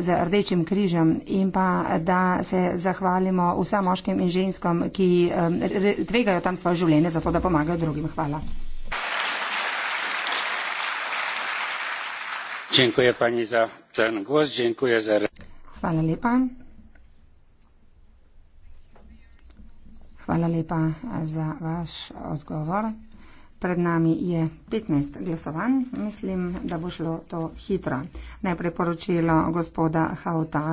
z Rdečim križem in pa da se zahvalimo vsem moškim in ženskom, ki tvegajo tam svoje življenje za to, da pomagajo drugim. Hvala. Hvala lepa. Hvala lepa za vaš odgovor. Pred nami je 15 glasovanj. Mislim, da bo šlo to hitro. Najprej poročilo gospoda Hauta.